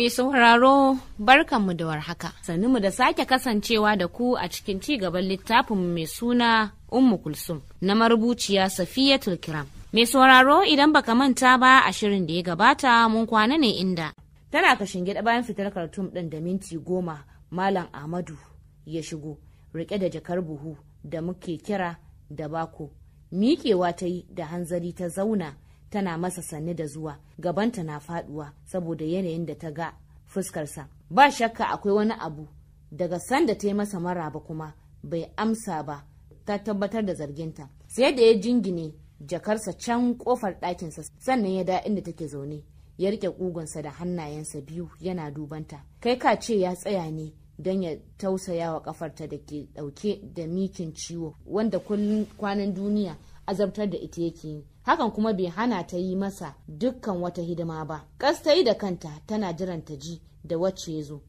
Mai sauraro barkanmu da warhaka. Sannu mu da sake kasancewa da ku a cikin ci gaban littafinmu mai suna Ummu Kulsum na marubuciya Safiya Tulkiram. Mai sauraro idan baka manta ba a shirin da ya gabata mun kwana ne inda. Tana ka shingiɗa bayan fitar kartum ɗin da minti goma Malam Ahmadu ya shigo riƙe da jakar buhu da muke kira da bako. Miƙewa ta yi da hanzari ta zauna tana masa sanni da zuwa gabanta na faduwa saboda yanayin da ta ga fuskarsa ba shakka akwai wani abu daga sanda ta yi masa maraba kuma bai amsa ba ta tabbatar da zarginta sai da ya jingine jakarsa can kofar ɗakinsa sannan ya da inda take zaune ya rike kugunsa da hannayensa biyu yana dubanta kai ka ce ya tsaya ne don ya tausaya wa kafarta da ke dauke da mikin ciwo wanda kullum kwanan duniya azabtar da ita yake yi hakan kuma bai hana ta yi masa dukkan wata hidima ba kas yi da kanta tana jiran ta ji da wacce ya zo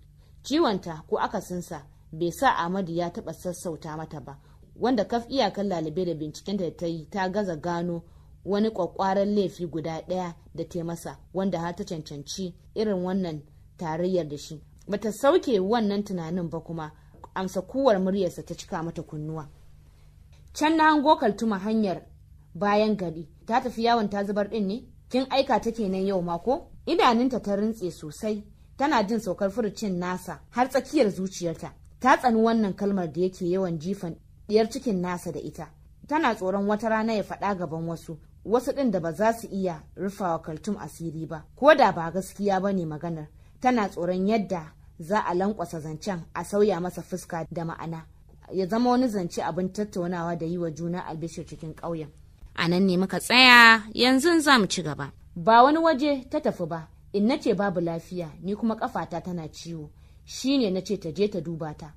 ciwonta ko akasinsa bai sa amadu ya taɓa sassauta mata ba wanda kaf iyakan lalibe da binciken da ta yi ta gaza gano wani kwakwaran laifi guda ɗaya da ta masa wanda har ta cancanci irin wannan tarayyar da shi bata sauke wannan tunanin ba kuma amsa kuwar muryarsa ta cika mata kunnuwa can na hango kaltuma hanyar bayan gari ta tafi yawon ta zubar din ne kin aika ta kenan yau ma ko idanunta ta rintse sosai tana jin saukar furucin nasa har tsakiyar zuciyarta ta tsani wannan kalmar da yake yawan jifan ɗiyar cikin nasa da ita tana tsoron wata rana ya faɗa gaban wasu wasu ɗin da ba za su iya rufawa kaltum asiri ba ko da ba gaskiya ba ne maganar tana tsoron yadda za a lankwasa zancen a sauya masa fuska da ma'ana ya zama wani zance abin tattaunawa da yi wa juna albishir cikin ƙauyen a nan ne muka tsaya yanzu za mu ci gaba ba wani waje ta tafi ba in na ce babu lafiya ni kuma kafata tana ciwo Shi ne na ce ta je ta duba ta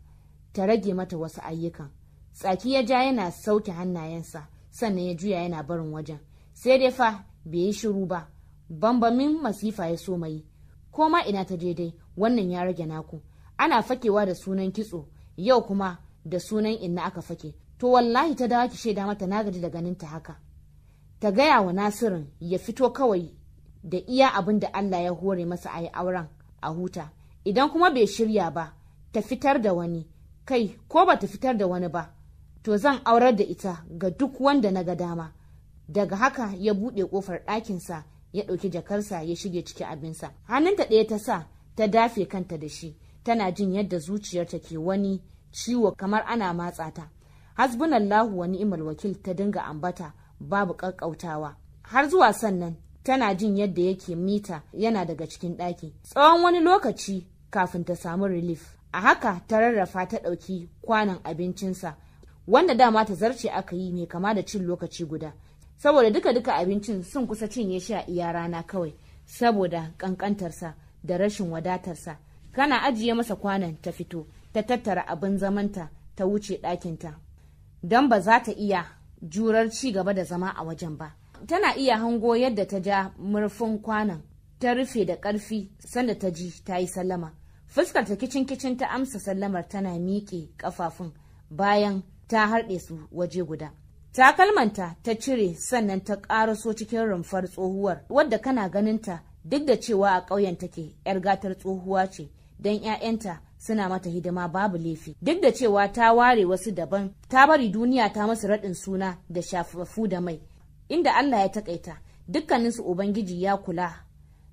ta rage mata wasu ayyukan tsaki ya ja yana sauke hannayensa sannan ya juya yana barin wajen sai dai fa bai yi shiru ba bambamin masifa ya so mai koma ina ta daidai wannan ya rage naku ana fakewa da sunan kitso yau kuma da sunan inna aka fake to wallahi ta dawo ki shaida mata na gaji da ganin ta haka ta gaya wa nasirin ya fito kawai da iya abin da Allah ya hore masa a yi auren a huta idan kuma bai shirya ba ta fitar da wani kai ko ba ta fitar da wani ba to zan aurar da ita ga duk wanda na ga dama daga haka ya buɗe ƙofar ɗakinsa ya ɗauki jakarsa ya shige ciki abinsa hannunta ɗaya ta sa ta dafe kanta da shi tana jin yadda zuciyarta ke wani ciwo kamar ana matsa ta hasbunallahu wa ni'mal wakil ta dinga ambata babu ƙaƙƙautawa har zuwa sannan tana jin yadda yake mita yana daga cikin ɗaki tsawon wani lokaci kafin ta samu relief a haka ta rarrafa ta ɗauki kwanan abincinsa wanda dama ta zarce aka yi mai kama da cin lokaci guda saboda duka-duka abincin sun kusa cinye shi a iya rana kawai saboda ƙanƙantarsa da rashin wadatarsa kana ajiye masa kwanan ta fito ta tattara abin zamanta ta wuce ɗakinta don ba za ta iya jurar ci gaba da zama a wajen ba tana iya hango yadda ta ja murfin kwanan ta rufe da ƙarfi sanda ta ji ta yi sallama fuskar ta kicin kicin ta amsa sallamar tana miƙe ƙafafun bayan ta harɗe su waje guda takalmanta ta cire sannan ta ƙaraso cikin rumfar tsohuwar wadda kana ganinta duk da cewa a ƙauyen take 'yar gatar tsohuwa ce don 'ya'yanta suna mata hidima babu laifi duk da cewa ta ware wasu daban ta bari duniya ta masu raɗin suna da shafafu da mai inda Allah ya takaita dukkaninsu ubangiji ya kula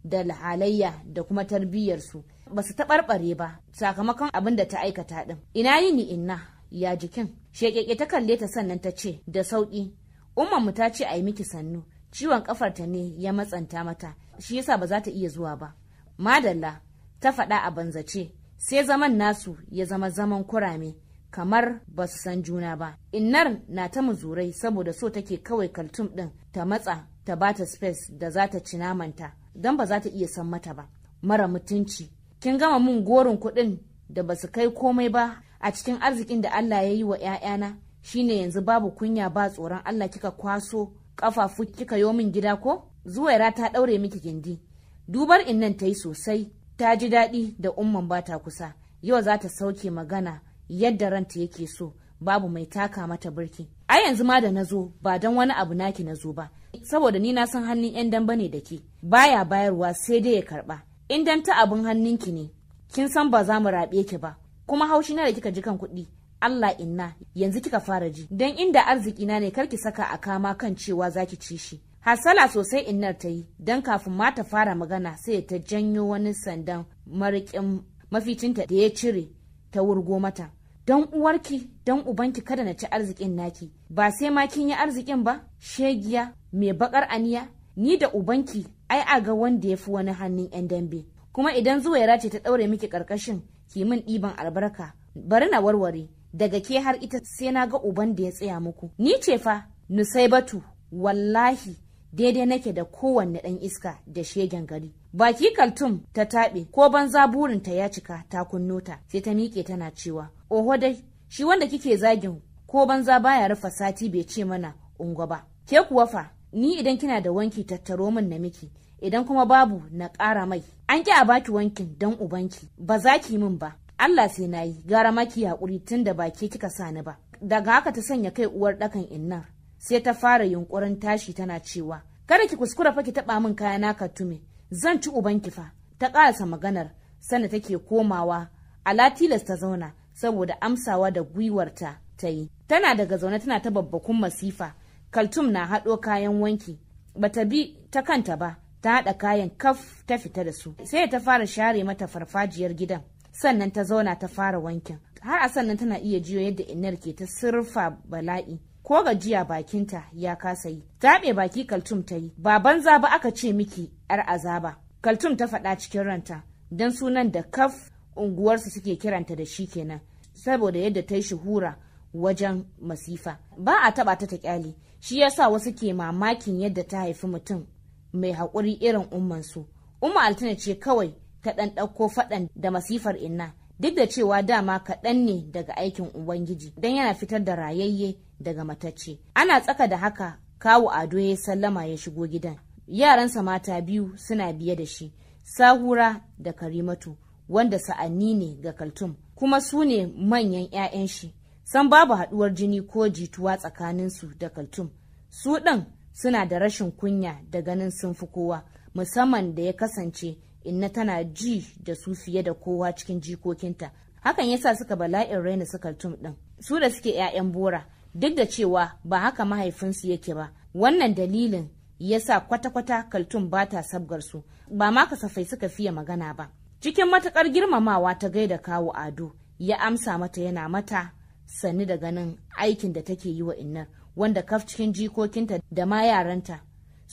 da halayya da kuma tarbiyyarsu ba su taɓarɓare ba sakamakon abin da ta aikata ɗin ina yini inna ya jikin shekeke ta kalle ta sannan ta ce da sauƙi Umarmu ta ce a yi miki sannu ciwon ƙafarta ne ya matsanta mata shi yasa ba za ta iya zuwa ba madalla ta faɗa a banzace sai zaman nasu ya zama zaman kurame kamar ba su san juna ba innar na ta muzurai saboda so take kawai kaltum ɗin ta matsa ta bata space da za ta ci namanta don ba za ta iya san mata ba mara mutunci kin gama mun gorin kuɗin da ba su kai komai ba a cikin arzikin da Allah ya yi wa 'ya'yana shine yanzu babu kunya ba tsoron Allah kika kwaso kafafu kika yo min gida ko zuwaira ta ɗaure miki gindi dubar innan ta yi sosai ta ji daɗi da umman ba ta kusa yau za ta sauke magana yadda ranta yake so babu mai taka mata birki a yanzu ma da na zo ba don wani abu naki na zo ba saboda ni na san hannun yan damba ne da ke baya bayarwa sai dai ya karba in dan ta abin hannunki ne kin san ba za mu rabe ki ba kuma haushi na da kika ji kan kuɗi Allah inna yanzu kika fara ji dan inda arziki na ne kar ki saka a kama kan cewa zaki ci shi hasala sosai innar ta yi don kafin ma ta fara magana sai ta janyo wani sandan marikin maficinta da ya cire ta wurgo mata don uwarki don ubanki kada na ci arzikin naki ba sai ma kin yi arzikin ba shegiya mai bakar aniya ni da ubanki ai a ga wanda ya fi wani hannun yan dambe kuma idan zuwaira ce ta daure miki ƙarƙashin min ɗiban albarka bari na warware daga ke har ita sai na ga uban da ya tsaya muku ni ce fa nusaibatu wallahi daidai nake da kowanne ɗan iska da shegen gari. Baki kaltum ta taɓe ko banza burinta ya cika ta kunno ta sai ta miƙe tana cewa oho dai shi wanda kike zagin ko banza baya rufe sati bai ce mana ungwa ba. Ke kuwa fa ni idan kina da wanki tattaro min na miki idan kuma babu na ƙara mai. An ƙi a baki wankin don ubanki ba za ki min ba. Allah sai na yi gara maki haƙuri tun da baki kika sani ba. Daga haka ta sanya kai uwar ɗakan innar sai ta fara yunkurin tashi tana cewa kada ki kuskura fa ki taba min kaya na tume zan ci uban ki fa ta karasa maganar sanda take komawa ala tilas ta zauna saboda amsawa da gwiwarta ta yi tana daga zaune tana ta babbakun masifa kaltum na haɗo kayan wanki bata bi ta kanta ba ta haɗa kayan kaf ta fita da su sai ta fara share mata farfajiyar gidan sannan ta zauna ta fara wankin har a sannan tana iya jiyo yadda inar ke ta surfa bala'i ko gajiya bakinta ya kasa yi taɓe baki kaltum ta yi ba banza ba aka ce miki yar azaba kaltum ta faɗa cikin ranta don sunan da kaf unguwarsu suke kiranta da shi kenan saboda yadda ta yi shuhura wajen masifa ba a taɓa ta ta kyali shi sa wasu ke mamakin yadda ta haifi mutum mai haƙuri irin ummansu umma altina ce kawai ta ɗan ɗauko faɗan da masifar inna duk da cewa dama kaɗan ne daga aikin ubangiji don yana fitar da rayayye daga matacce ana tsaka da haka kawu ado ya sallama ya shigo gidan yaransa mata biyu suna biye da shi sahura da karimatu wanda sa'anni ne ga kaltum kuma su ne manyan 'ya'yan shi san babu haɗuwar jini ko jituwa tsakaninsu da kaltum su ɗin suna da rashin kunya da ganin sun fi kowa musamman da ya kasance inna tana ji da su fiye da kowa cikin jikokinta hakan yasa suka bala'in raina tum din su da suke 'ya'yan bora duk da cewa ba haka mahaifinsu yake ba wannan dalilin yasa kwata-kwata kaltum ba ta sabgar su ba ma kasafai suka fiye magana ba cikin matukar girmamawa ta gaida kawo ado ya amsa mata yana mata sani da ganin aikin da take yi wa innar wanda kaf cikin jikokinta da ma yaranta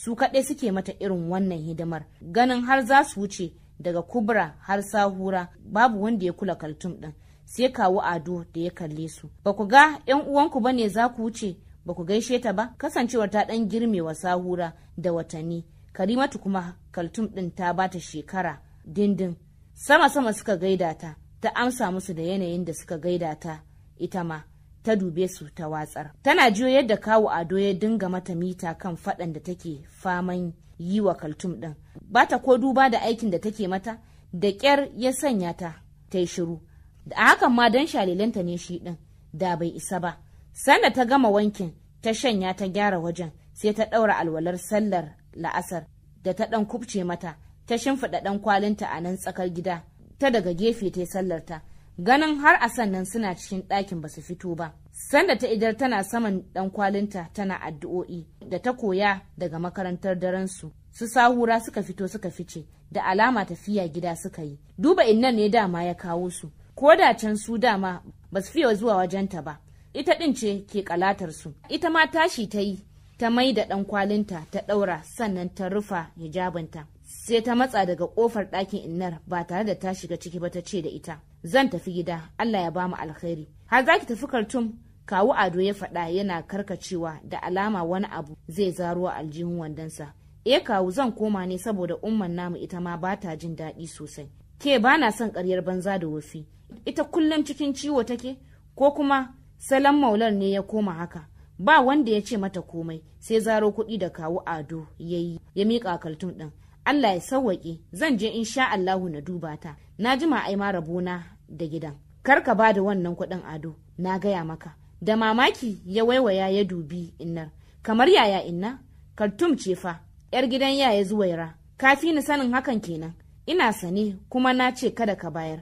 su kaɗai suke mata irin wannan hidimar ganin har za su wuce daga kubra har sahura babu wanda ya kula kaltum ɗin sai kawo ado da ya kalle su ba ku ga yan uwanku ba ne za ku wuce ba ku gaishe ta ba kasancewar ta ɗan girmewa sahura da watanni karimatu kuma kaltum ɗin ta bata shekara dindin sama sama suka gaida ta ta amsa musu da yanayin da suka gaida ta ita ma ta dube su ta watsar tana jiyo yadda kawu ado ya dinga mata mita kan faɗan da take faman yi wa kaltum ɗin ba ta ko duba da aikin da take mata da ƙyar ya sanya ta ta yi shiru da hakan ma don shalilanta ne shi ɗin da bai isa ba sanda ta gama wankin ta shanya ta gyara wajen sai ta ɗaura alwalar sallar la'asar da ta ɗan kubce mata ta shimfiɗa ɗan kwalinta a nan tsakar gida ta daga gefe ta sallar ta ganin har a sannan suna cikin ɗakin ba su fito ba sanda ta idar tana saman ɗan kwalinta tana addu'o'i da ta koya daga makarantar darensu su sahura suka fito suka fice da alama tafiya gida suka yi duba innan ne dama ya kawo su ko da can su dama ba su fiye zuwa wajenta ba ita ɗin ce ke kalatar su ita ma tashi ta yi ta mai da ɗan kwalinta ta ɗaura sannan ta rufa hijabinta sai ta matsa daga ƙofar ɗakin innar ba tare da ta shiga ciki ba ta ce da ita zan tafi gida Allah ya bamu alkhairi har zaki tafi kartum kawu Ado ya faɗa yana karkacewa da alama wani abu zai zaro aljihun wandonsa E, kawu zan koma ne saboda umman namu ita ma ba ta jin daɗi sosai ke ba na son ƙaryar banza da wofi ita kullum cikin ciwo take ko kuma salon maular ne ya koma haka ba wanda ya ce mata komai sai zaro kuɗi da kawu ado ya yi ya miƙa kaltun ɗin Allah ya sauwaƙe zan je in sha Allahu na duba ta na jima ai ma rabona da gidan kar ka da wannan kuɗin ado na gaya maka da mamaki ya waiwaya ya dubi Inna. kamar yaya inna kartum ce fa yar gidan yaya zuwaira kafi ni sanin hakan kenan ina sane kuma na ce kada ka bayar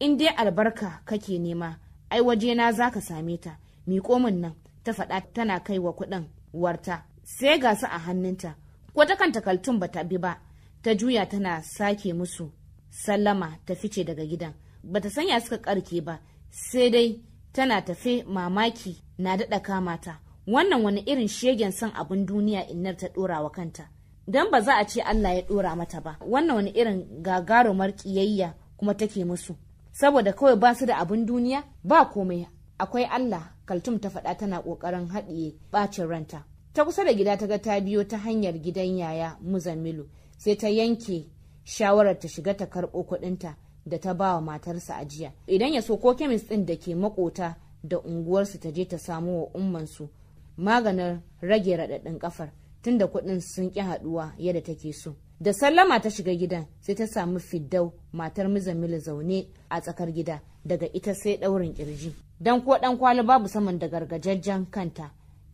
in dai albarka kake nema ai waje na zaka same ta miƙo min nan ta faɗa tana kai wa kuɗin warta sai ga su a hannunta ko ta kan takaltun bata bi ba ta juya tana sake musu sallama ta fice daga gidan bata sanya suka karke ba sai dai tana tafe mamaki na daɗa kamata wannan wani irin shegen son abin duniya innar ta ɗora wa kanta don ba za a ce Allah ya ɗora mata ba wannan wani irin gagarumar ƙiyayya kuma take musu saboda kawai ba su da abin duniya ba komai akwai Allah kaltum ta faɗa tana ƙoƙarin haɗiye ɓacin ranta ta kusa da gida ta ga ta biyo ta hanyar gidan yaya muzammilu sai ta yanke shawarar ta shiga ta karɓo kuɗinta da ta ba wa matarsa ajiya idan ya so ko kemis ɗin da ke makota da unguwarsu ta je ta samu wa ummansu maganar rage raɗaɗin kafar tunda kuɗin sun ƙi haɗuwa yadda take so da sallama ta shiga gidan sai ta samu fiddau matar mizamila zaune a tsakar gida daga ita sai ɗaurin kirji dan ko ɗan kwali babu saman da gargajajjen kanta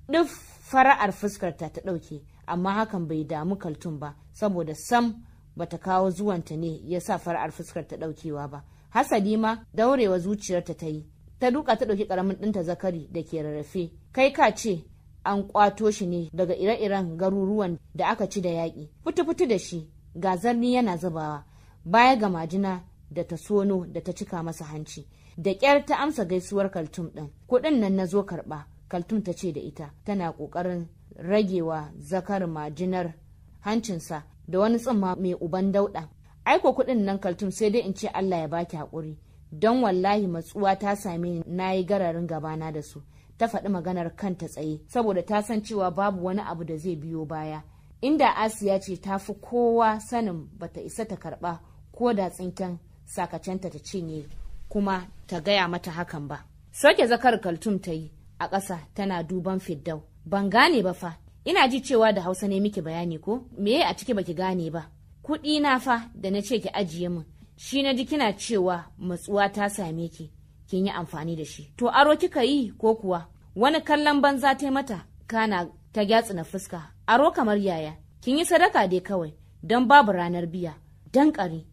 duk fara'ar fuskarta ta ɗauke amma hakan bai damu kaltun ba saboda sam bata kawo zuwanta ne ya sa fara'ar fuskar ta ɗaukewa ba hasali ma daurewa zuciyarta ta yi ta duka ta ɗauki ƙaramin ɗinta zakari da ke rarrafe kai ka ce an kwato shi ne daga ire-iren garuruwan da aka ci da yaƙi fitu-fitu da shi ga zarni yana zubawa baya ga majina da ta sono da ta cika masa hanci da ƙyar ta amsa gaisuwar kaltum ɗin kuɗin nan na zo karɓa kaltum ta ce da ita tana ƙoƙarin ragewa zakar majinar hancinsa da wani tsimma mai uban dauɗa aiko kuɗin nan kaltum sai dai in ce allah ya baki haƙuri don wallahi matsuwa ta same ni na yi gararin gabana da su ta faɗi maganar kanta tsaye saboda ta san cewa babu wani abu da zai biyo baya inda asiya ce ta fi kowa sanin bata isa ta karɓa ko da tsinken sakacenta ta cinye kuma ta gaya mata hakan ba soke zakar kaltum ta yi a ƙasa tana duban fiddau ban gane ba fa ina ji cewa da hausa ne miki bayani ko meye a ciki baki gane ba kuɗi na fa da na ce ki ajiye min shi na ji kina cewa matsuwa ta same ki kin yi amfani da shi to aro kika yi ko kuwa wani kallon banza ta mata kana ta gyatsu na fuska aro kamar yaya kin yi sadaka dai kawai don babu ranar biya don ƙari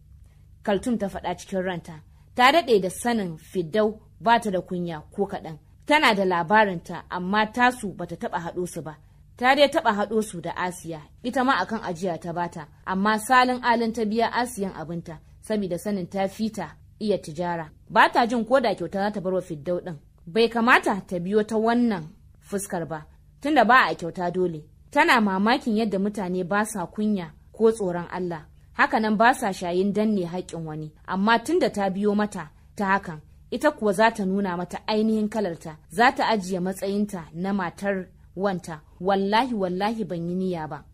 kaltum ta faɗa cikin ranta ta daɗe da sanin Fiddau ba ta da kunya ko kaɗan tana da labarinta amma tasu bata taba haɗo su ba ta dai taba haɗo su da asiya ita ma akan ajiya ta bata amma salin alin ta biya asiyan abinta saboda sanin ta fita iya tijara ba ta jin ko da kyauta za ta bar wa fiddau ɗin bai kamata ta biyo ta wannan fuskar ba tunda ba a kyauta dole tana mamakin yadda mutane ba sa kunya ko tsoron Allah hakanan ba sa shayin danne haƙƙin wani amma tunda ta biyo mata ta hakan ita kuwa za ta nuna mata ainihin kalarta za ta ajiye matsayinta na matar wanta wallahi wallahi ban yi niyya ba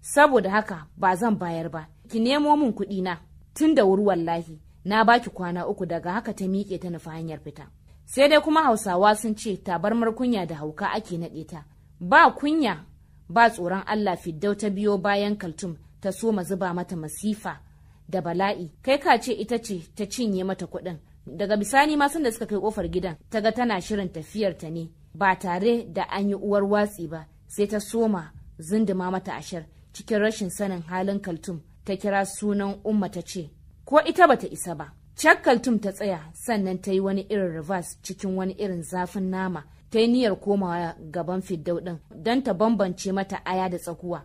saboda haka ba zan bayar ba ki nemo min kuɗi na tun da wuri wallahi na baki kwana uku daga haka ta miƙe ta nufa hanyar fita sai dai kuma hausawa sun ce tabarmar kunya da hauka ake naɗe ta ba kunya ba tsoron allah fiddau ta biyo bayan kaltum ta soma zuba mata masifa da bala'i kai ka ce ita ce ta cinye mata kuɗin daga bisani ma sun da suka kai kofar gidan ta ga tana shirin tafiyar ta ne ba tare da an yi uwar watsi ba sai ta soma zinduma mata ashar cikin rashin sanin halin kaltum ta kira sunan umma ta ce ko ita bata isa ba Cak kaltum ta tsaya sannan ta yi wani irin reverse cikin wani irin zafin nama ta yi niyyar komawa gaban fiddau ɗin don ta bambance mata aya da tsakuwa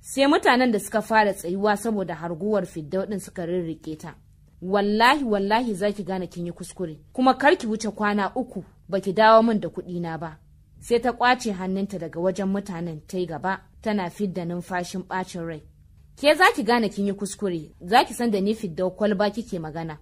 sai mutanen da suka fara tsayuwa saboda harguwar fiddau ɗin suka rirriƙe ta wallahi wallahi za ki gane kin yi kuskure kuma kar ki wuce kwana uku baki dawo min da kuɗi na ba sai ta kwace hannunta daga wajen mutanen ta gaba tana fidda numfashin ɓacin rai ke za ki gane kin yi kuskure za ki san da ni fiddau kwalba kike magana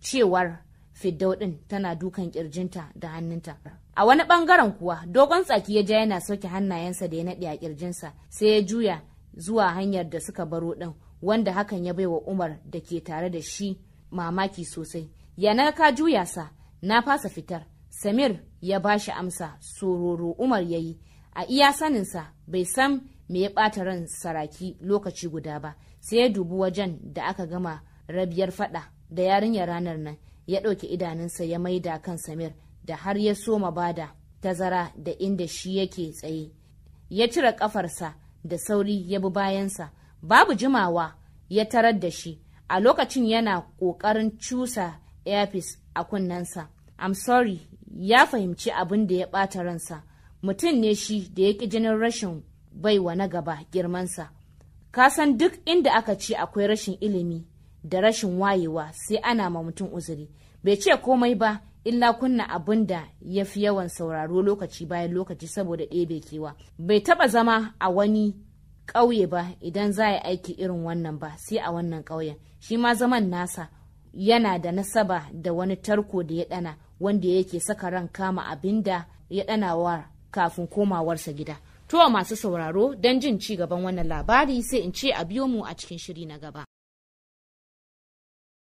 cewar fiddau ɗin tana dukan kirjinta da hannunta a wani ɓangaren kuwa dogon tsaki ya ja yana sauke hannayensa da ya naɗe a kirjinsa sai ya juya zuwa hanyar da suka baro ɗin wanda hakan ya baiwa umar da ke tare da shi mamaki sosai yana ka juya sa na fasa fitar samir ya ba shi amsa sororo umar ya yi a iya saninsa bai san me ya ɓata ran saraki lokaci guda ba sai ya dubi wajen da aka gama rabiyar fada da yarinyar ranar nan ya ɗauki idanunsa ya maida kan samir da har ya soma bada tazara da inda shi yake tsaye ya cire ƙafarsa da sauri ya bi bayansa babu jimawa ya tarar da shi a lokacin yana ƙoƙarin cusa earpiece a kunnensa. I'm sorry ya fahimci abin da ya ɓata ransa mutum ne shi da ya ƙi jinin rashin baiwa na gaba girmansa. Ka san duk inda aka ce akwai rashin ilimi da rashin wayewa sai ana ma mutum uzuri. Bai ce komai ba illa kunna abin da ya fi yawan sauraro lokaci bayan lokaci saboda ɗebe kewa. Bai taɓa zama a wani ƙauye ba idan za yi aiki irin wannan ba sai a wannan ƙauyen shi ma zaman nasa yana da nasaba da wani tarko da ya ɗana wanda yake saka ran kama abin da ya ɗana wa kafin komawarsa gida to masu sauraro don jin ci gaban wannan labari sai in ce a biyo mu a cikin shiri na gaba